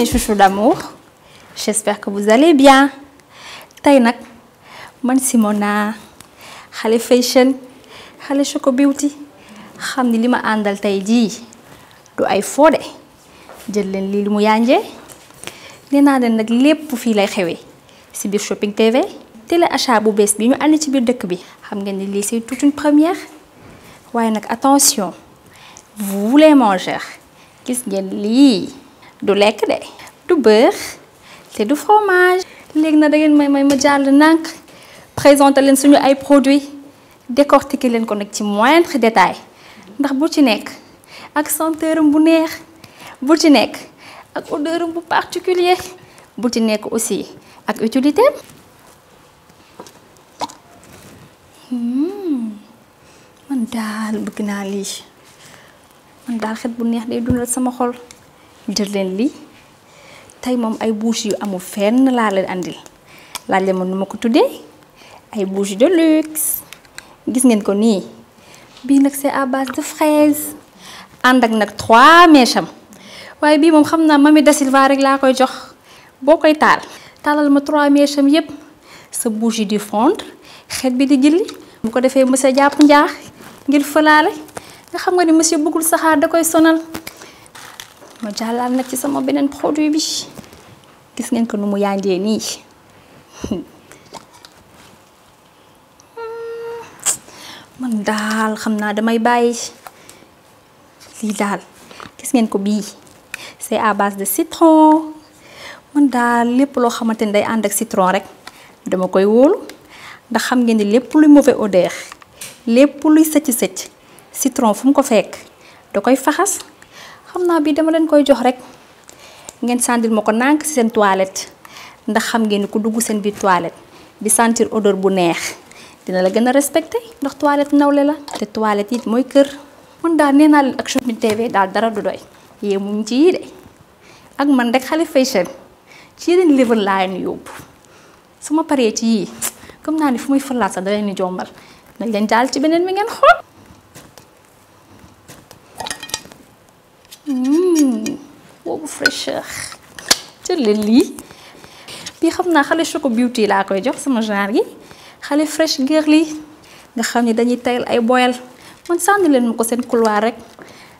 mes chouchous d'amour j'espère que vous allez bien Taïnak, man Simona xale fashion xale Choco Beauty Xamni lima andal tay di tey du ay fodé. de jël li du yanjé. nak lépp fi lay xewé ci bir Shopping TV télé achat bu bees bi ñu andi ci bir dëkk bi xam ngeen ni li c'est toute une première waaye nak attention vous voulez Qu'est-ce gis ngeen li du lait de du beurre du fromage léegi na da ngeen may ma produits décortiqué leen ko nag ci moindre détail ndax bu ci nekk ak bu neex bu ci nekk ak odeurum bu particulier bu ci aussi ak utilité hmm, man daal bëgg naa lii xet bu jël leen lii tey moom ay bouche yu amul fenn laa leen andil laaj la ma nu ma ko tuddee ay bouche de luxe gis ngeen ko nii bii nag c'est à base de fraise ànd ak nag trois mèches am waaye bii moom xam naa ma mami da Silva rek laa koy jox boo koy taal taalal ma trois mèches am yépp sa bouche yu di fondre xet bi di gilli bu ko defee monsieur jàpp njaax ngir fëlaale nga xam nga ni monsieur bëggul saxaar da koy sonal ma jalan hmm. na ci sama benen produit bi gis ngeen ko nu mu yànjee nii man dal xamna damay bàyyi li dal gis ngeen ko bi c'est à base de citron man dal lepp lo xamanteni day and ak citron rek dama koy wul ndax xam ngeen ni lepp luy mauvais odeur lepp luy citron fum ko fek da koy xam naa bii dama leen koy jox rek ngeen sandil ma ko nànk ci seen toilette ndax xam ngeen ni ko dugg seen biir toilette di sentir odeur bu neex dina la gën a respecté ndax toilet nawle la te toilet it mooy kër man daal nee naa leen daal dara du doy yee muñ ci yii de ak man rek Xali Fashion ci yeneen level ma paree ci yii naa ni fu muy falaat sax da leen ni jombal nañ leen jaal ci beneen mi ngeen xool boobu fraîcheur ci lii bii xam naa xale choco beauty la koy jox sama genre yi xale fresh girl yi nga xamni dañuy tayal ay boyal man sandi len mako sen couloir rek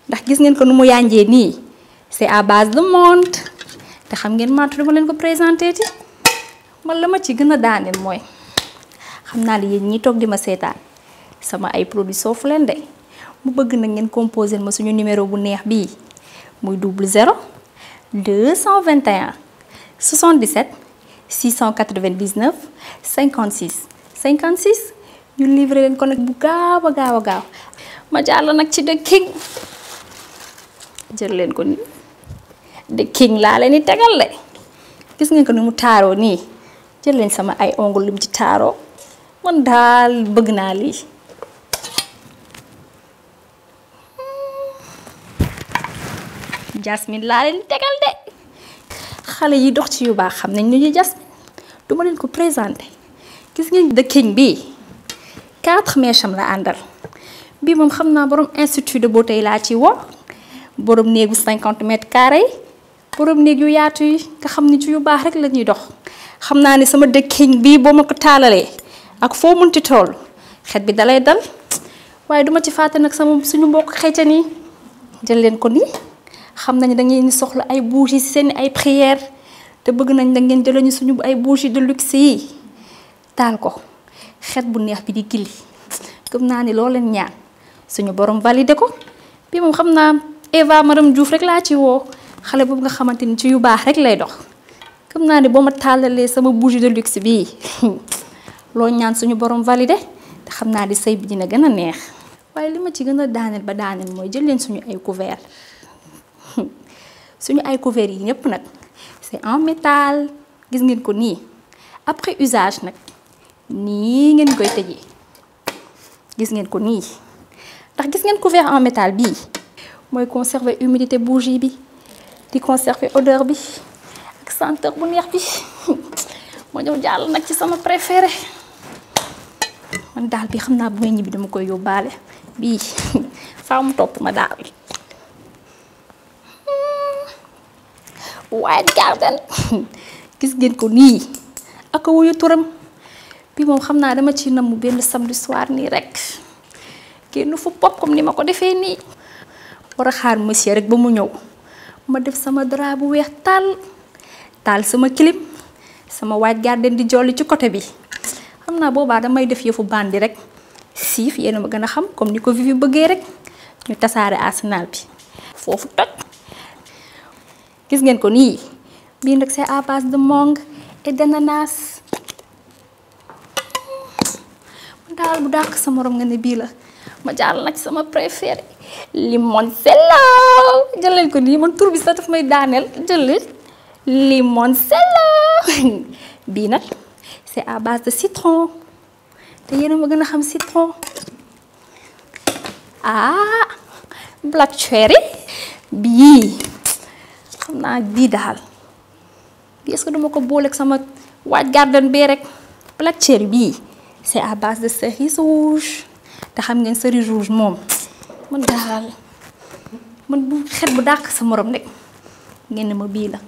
ndax gis ngeen ko nu yanjé ni c'est à base de menthe te xam ngeen menthe ma len ko présenter ti man lama ci gëna daane moy xamna li ñi tok di ma sama ay produits sofu len de mu bëgg na ngeen composer ma suñu numéro bu neex bi muy double zéro 221 77 699 56 56 ñu livré leen ko nag bu gaaw gaaw gaaw ma jàll nak ci de king jël len ko ni the king la leni di tegal le gis ngeen ko ni mu taro ni jël len sama ay ongle lim ci taro man dal bëgg na li jasmine laa leen tegal de xale yi dox ci yu baax xam nañ ñu ñuy jasmine du leen ko présenté gis ngeen dëkkiñ bii quatre mèches am la àndal bii moom xam naa borom institut de beauté laa ci woo boroom néegu cinquante mètres carrés yi borom néeg yu yaatu yi nga xam ni ci yu baax rek la ñuy dox xam naa ni sama dëkkiñ bii boo ma ko taalalee ak foo munti tool xet bi dalay dal waaye duma ci fàtte nag sama suñu mbokk xeccan yi jël leen ko nii xam nañ da ngeen soxla ay bougie yi seen ay prière te bëgg nañ da ngeen jëlee ñu suñu ay bougie de luxe yi taal ko xet bu neex bi di gilli gëm naa ni loo leen ñaan suñu borom validé ko moom xam naa Eva madame rek laa ci woo xale boobu nga xamante ni ci yu baax rek lay dox gëm naa ni boo ma tàllalee sama bougie de luxe bii loo ñaan suñu borom validé te xam naa di sëy bi dina gën a neex waaye li ma ci gën a daaneel ba daaneel mooy jël leen suñu ay couvert suñu ay yi c'est en métal vous après usage ni ngeen koy gis ngeen ko La couvert en métal conserve l'humidité conserver humidité bougie bi di conserver odeur bi senteur préféré Je bi bu may de dama koy ma White Garden gis ngeen ko nii ak a wuyu turam bi moom xam naa dama ci namm benn samedi soir nii rek génn fu pop comme ni ma ko defee nii war a xaar monsieur rek ba mu ñëw ma def sama drap bu weex taal taal sama clim sama White Garden di jolli ci côté bi xam naa boobaa damay def yëfu bandi rek siif yéen a ma gën a xam comme ni ko Vivi bëggee rek ñu tasaare arsenal bi foofu toj gis ngeen ko ni bi nak c'est à base de mangue et d'ananas man daal bu dak sa morom nga ne la ma jall nak sama préféré limoncello jël leen ko ni man tur bi sa daf may danel jël li limoncello bi nak c'est à base de citron te yene ma gëna a xam citron ah black cherry bi xam naa bii daal bi est-ce que duma ko booleeg sama white garden bee rek platchel bii c'est à base de cerise rouge te xam ngeen cerise rouge moom man daal man bu xet bu dàq sa morom rek ngeen ne ma bii la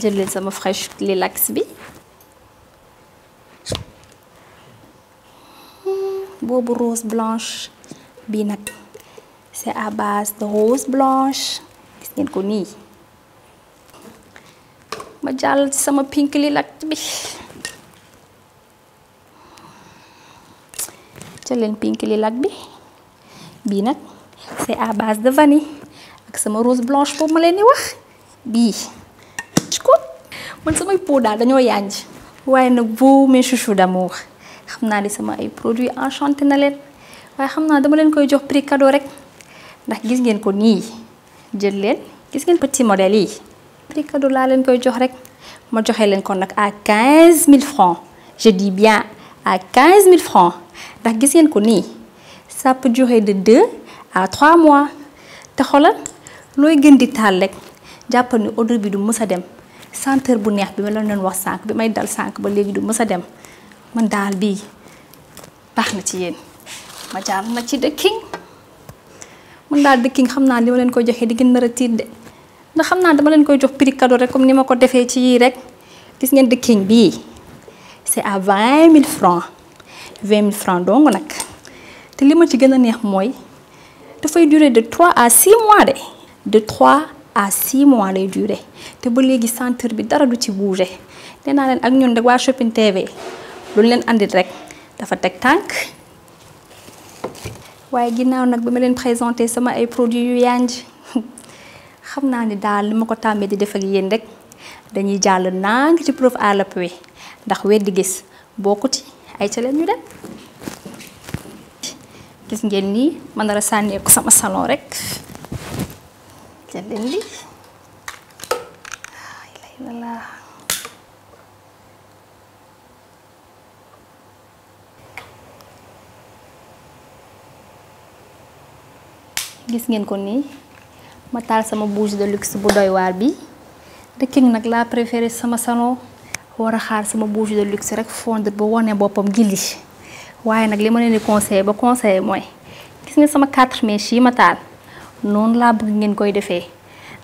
jël leen sama fraîche lilax bi boobu rose blanche bii nag c'est à base de rose blanche gis ngeen ko nii ma ci sama pink li lak bi jalen leen pink li lak bi bi nak c'est à base de vanille ak sama rose blanche pour ma leen wax bi scoop man samay peau daal daño yanj waaye nak beau mes chouchous d'amour xamna li sama ay produits enchanté na len waaye xamna dama len koy jox prix cadeau rek ndax gis ngeen ko ni jël len gis ngeen petit modèle yi prix cadeau laa leen koy jox rek ma joxe len kon nak à 15000 francs je dis bien à 15000 francs ndax gis ngeen ko ni ça peut durer de 2 à 3 mois te xolal loy gën di taal rek jàppal ni odeur bi du mësa dem senteur bu neex bi ma la doon wax sank bi may dal sank ba léegi du mësa dem man dal bi baax na ci yeen ma jaar na ci de King man dal de King xamna li ma len ko joxe di gën na a de ndax xam naa dama leen koy jox prix cadeau rek comme ni ma ko defee ci yii rek gis ngeen dëkkiñ bii c'est à vingt mille francs vingt mille francs dong nag te li ma ci gën a neex mooy dafay durer de trois à six de trois à six mois lay durer te ba léegi centre bi dara du ci bouger nee naa leen ak ñun rek waa Shopping TV lu leen andil rek dafa teg tànk waaye ginnaaw nag bi ma leen présenté sama ay produits yu yanj xamna ni dal lima ko tambe di def ak yeen rek dañuy jall nang ci proof à l'appui ndax wedd gis bokkuti ay ci leen ñu gis ngeen ni man dara sané ko sama salon rek jël leen li ay lay la la gis ngeen ko ni ma tal sama bouche de luxe bu doy war bi The King nag laa préféré sama sano wara xaar sama bouche de luxe rek fondre bo woné bopam gilli waye nak li ma conseil ba conseil moy gis nga sama 4 mèches yi ma tal non la bëgg ngeen koy défé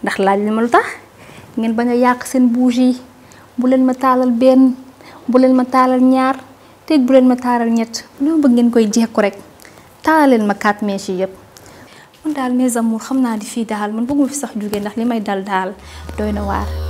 ndax laaj li ma tax ngeen baña yaq sen bouche yi bu len ma talal ben bu len ma talal ñaar te bu len ma taalal ñet lu bëgg ngeen koy jekku rek talalen ma 4 mèches yi yëpp man daal mes amours xam naa di fii daal man bëgguma fi sax jóge ndax li may dal daal doy na waar